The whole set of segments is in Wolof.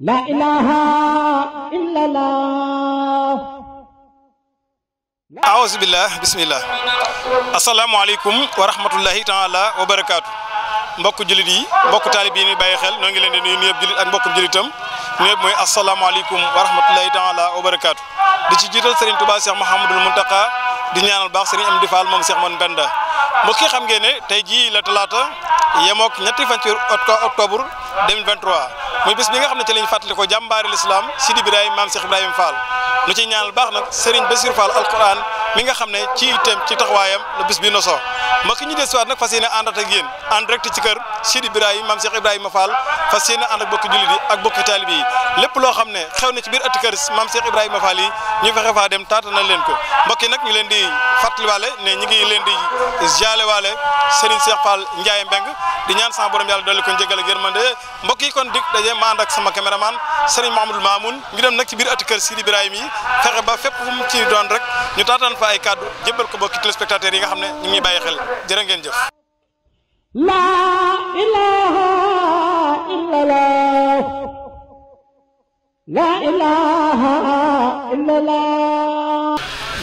la ilaha illallah aawuzu billah bismillah asalaamaaleykum wa rahmatullahi taala wa barakaatu mbokk jullit yi mbokk taalib yi ni bàyyi xel noo ngi leen di nuyu nuyëb jullit ak mbokkum jullitam nuyëb mooy asalaamaaleykum wa rahmatullahi taala wa barakaatu di ci jiital Serigne Touba Cheikh Mouhamadul Muntaka di ñaanal baax Serigne Amdi Fall moom Cheikh Mon Benda mbokk xam ngeen ne tey jii la talaata yemook ñetti fan ci octobre 2023 muy bis bi nga xam ne ci lañ fàttali ko jàmbaari lislaam Sidi Ibrahima maam Cheikh Ibrahima Fall lu ciy ñaanal baax nag Serigne Bassirou Fall alquran mi nga xam ne ci itam ci taxawaayam bis bi nosoo mbokk ñi desuwaat nag fas yéene àndat ak yéen en direct ci kër Sidi Ibrahima maam Cheikh Ibrahima Fall fas yéene ànd ak bokki jullit yi ak bokki taalib yi lépp loo xam ne xew na ci biir ëtt maam Cheikh Ibrahima Fall yi ñu fexe faa dem taata nañ leen ko mbokk yi nag di fàttaliwaale ne ñu ngi leen di jaalewaale Serigne Cheikh Fall ñaan sa borom yàlla Guèye ma ànd ak sama caméraman Serigne Mahamadou Mamoun ñu dem nag ci biir ëtt kër Sidi Ibrahima yi fexe ba fépp fu mu ci doon rek ñu taataan fa ay kàddu jébbal ko bokki téléspectateurs yi nga xam ne ñu ngi bàyyi xel jërë ngeen jëf la ilaha illallah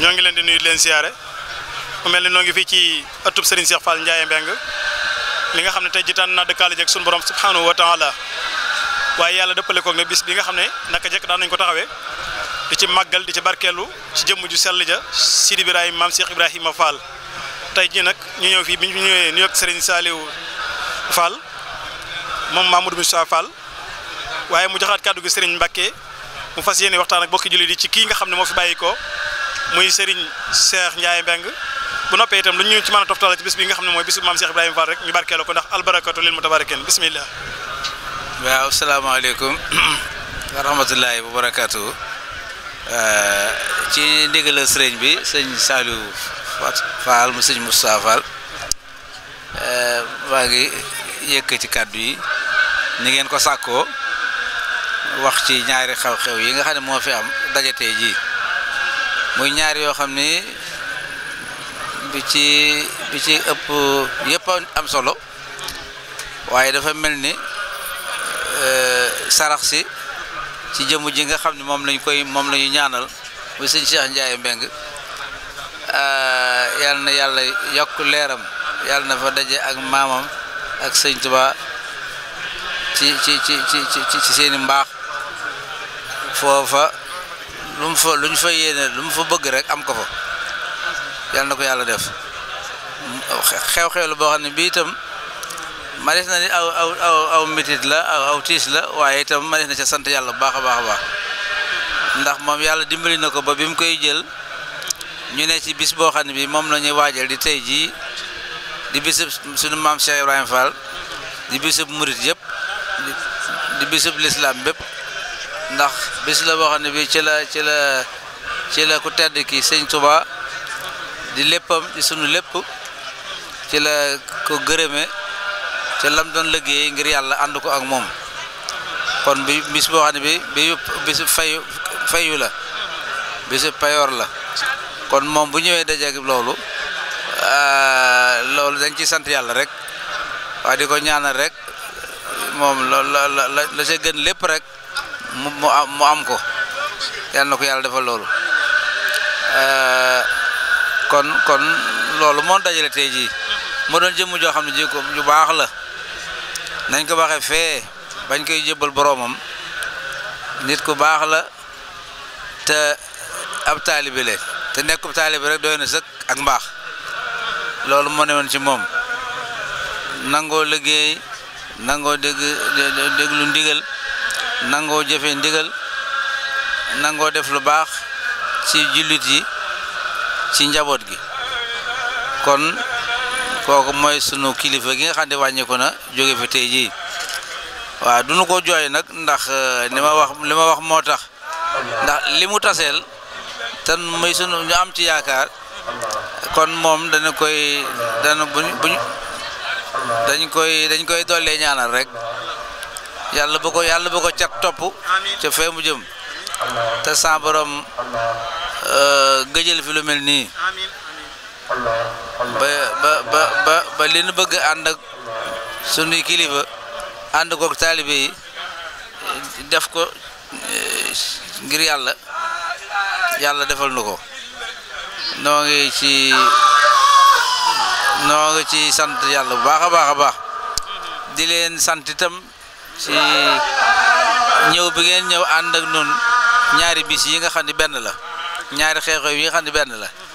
ñoo ngi leen di nuyu leen siyaare mel ni noo ngi fii ci ëttub Serigne Cheikh Fall Ndiaye Mbeng li nga xam ne tey jitaan naa dëkkaale jeeg sunu borom subhanahu wa taala waaye yàlla dëppale koog ne bis bi nga xam ne naka jëkk daan nañ ko taxawee di ci màggal di ci barkeelu ci jëmm ju sell ja Sidi Ibrahima maam Cheikh Ibrahima Fall tey jii nag ñu ñëw fii bi ñu ñëwee nuyoog Serigne Saliou Fall moom Mamadou Moussa Fall waaye mu joxaat kàddu gi Serigne Mbacke mu fas yéene waxtaan ak bokki jullit yi ci kii nga xam ne moo fi bàyyi ko muy Serigne Cheikh Ndiaye Mbengue bu noppee itam lu ñu ci mën a toftale ci bis bi nga xam ne mooy bisu maam Cheikh Ibrahima Fall rek ñu barkeeloo ko ndax albarakatu lil mutabarrikin bismillah waaw salaamaaleykum wa rahmatullahi wa barakaatu ci ndigalal sëriñ bi sëñ Saliou Fall mu sëñ Moustapha Fall maa ngi yëkk kàddu yi ni ngeen ko sàkkoo wax ci ñaari xew-xew yi nga xam ne moo fi am dajatee ji muy ñaar yoo xam ni bi ci bi ci ëpp yëpp am solo waaye dafa mel ni Euh, sarax si ci jëmm ji nga xam ne moom lañ koy moom la ñaanal muy sëñ Cheikh Ndiaye Mbeng euh, yàlla na yàlla yokk leeram yàlla na fa daje ak maamam ak sëñ Tuba ci ci ci ci ci seeni mbaax foofa lu mu fa lu fa yéene lu fa bëgg rek am ko fa yàlla na ko yàlla def xew-xew la boo xam ne bii itam manees na ni aw aw aw aw métit la aw tiis la waaye itam manees na ca sant yàlla bu baax a baax baax ndax moom yàlla dimbali na ko ba bi mu koy jël ñu ne ci bis boo xam ne bi moom la waajal di tey jii di bisub suñu maam Cheikh Ibrahima Fall di bisub murit yëpp di bisub lislaam bépp ndax bis la boo xam ne bi ci la ci la ci la ku tedd ki sëñ Touba di léppam di sunu lépp ci la ko gërëme te lam doon liggéey ngir yàlla ànd ko ak moom kon bi bis boo xam ne bi bi bisu fayu fayu la bisu payoor la kon moom bu ñëwee dajeeg loolu loolu dañ ci sant yàlla rek waaye di ko ñaanal rek moom la la la gën lépp rek mu mu am ko yàlla ko yàlla defal loolu kon kon loolu moo dajale tey jii mu doon jëmm joo xam ne ji ju baax la nañ ko waxee fee bañ koy jébbal boroomam nit ku baax la te ab taalibe la te nekkub taalibi rek doy na sëkk ak mbaax loolu moo ne woon ci moom nangoo liggéey nangoo dégg déglu ndigal nangoo jëfe ndigal nangoo def lu baax ci jullit yi ci njaboot gi kon kooku mooy sunu kilifa gi nga xam ne wàññeeku na jóge fi tey jii waaw duñu ko jooy nag ndax euh, li ma wax li ma wax moo tax ndax li mu taseel tan mooy sunu ñu am ci yaakaar kon moom dana koy dana buñ dañ koy dañ koy dollee ñaanal rek yàlla bu ko yàlla bu ko cat topp ca fee mu jëm te sa borom euh, gëjël fi lu mel nii ba ba leen bëgg ànd ak sunuy kilifa ànd kook taalibe yi def ko eh, ngir yàlla yàlla defal nu ko noo ngi ci noo ngi ci sant yàlla bu baax a baax a baax di leen sant itam ci ñëw bi ngeen ñëw ànd ak nun ñaari bis yi nga xam ne benn la ñaari xeexoo yi nga xam ne benn la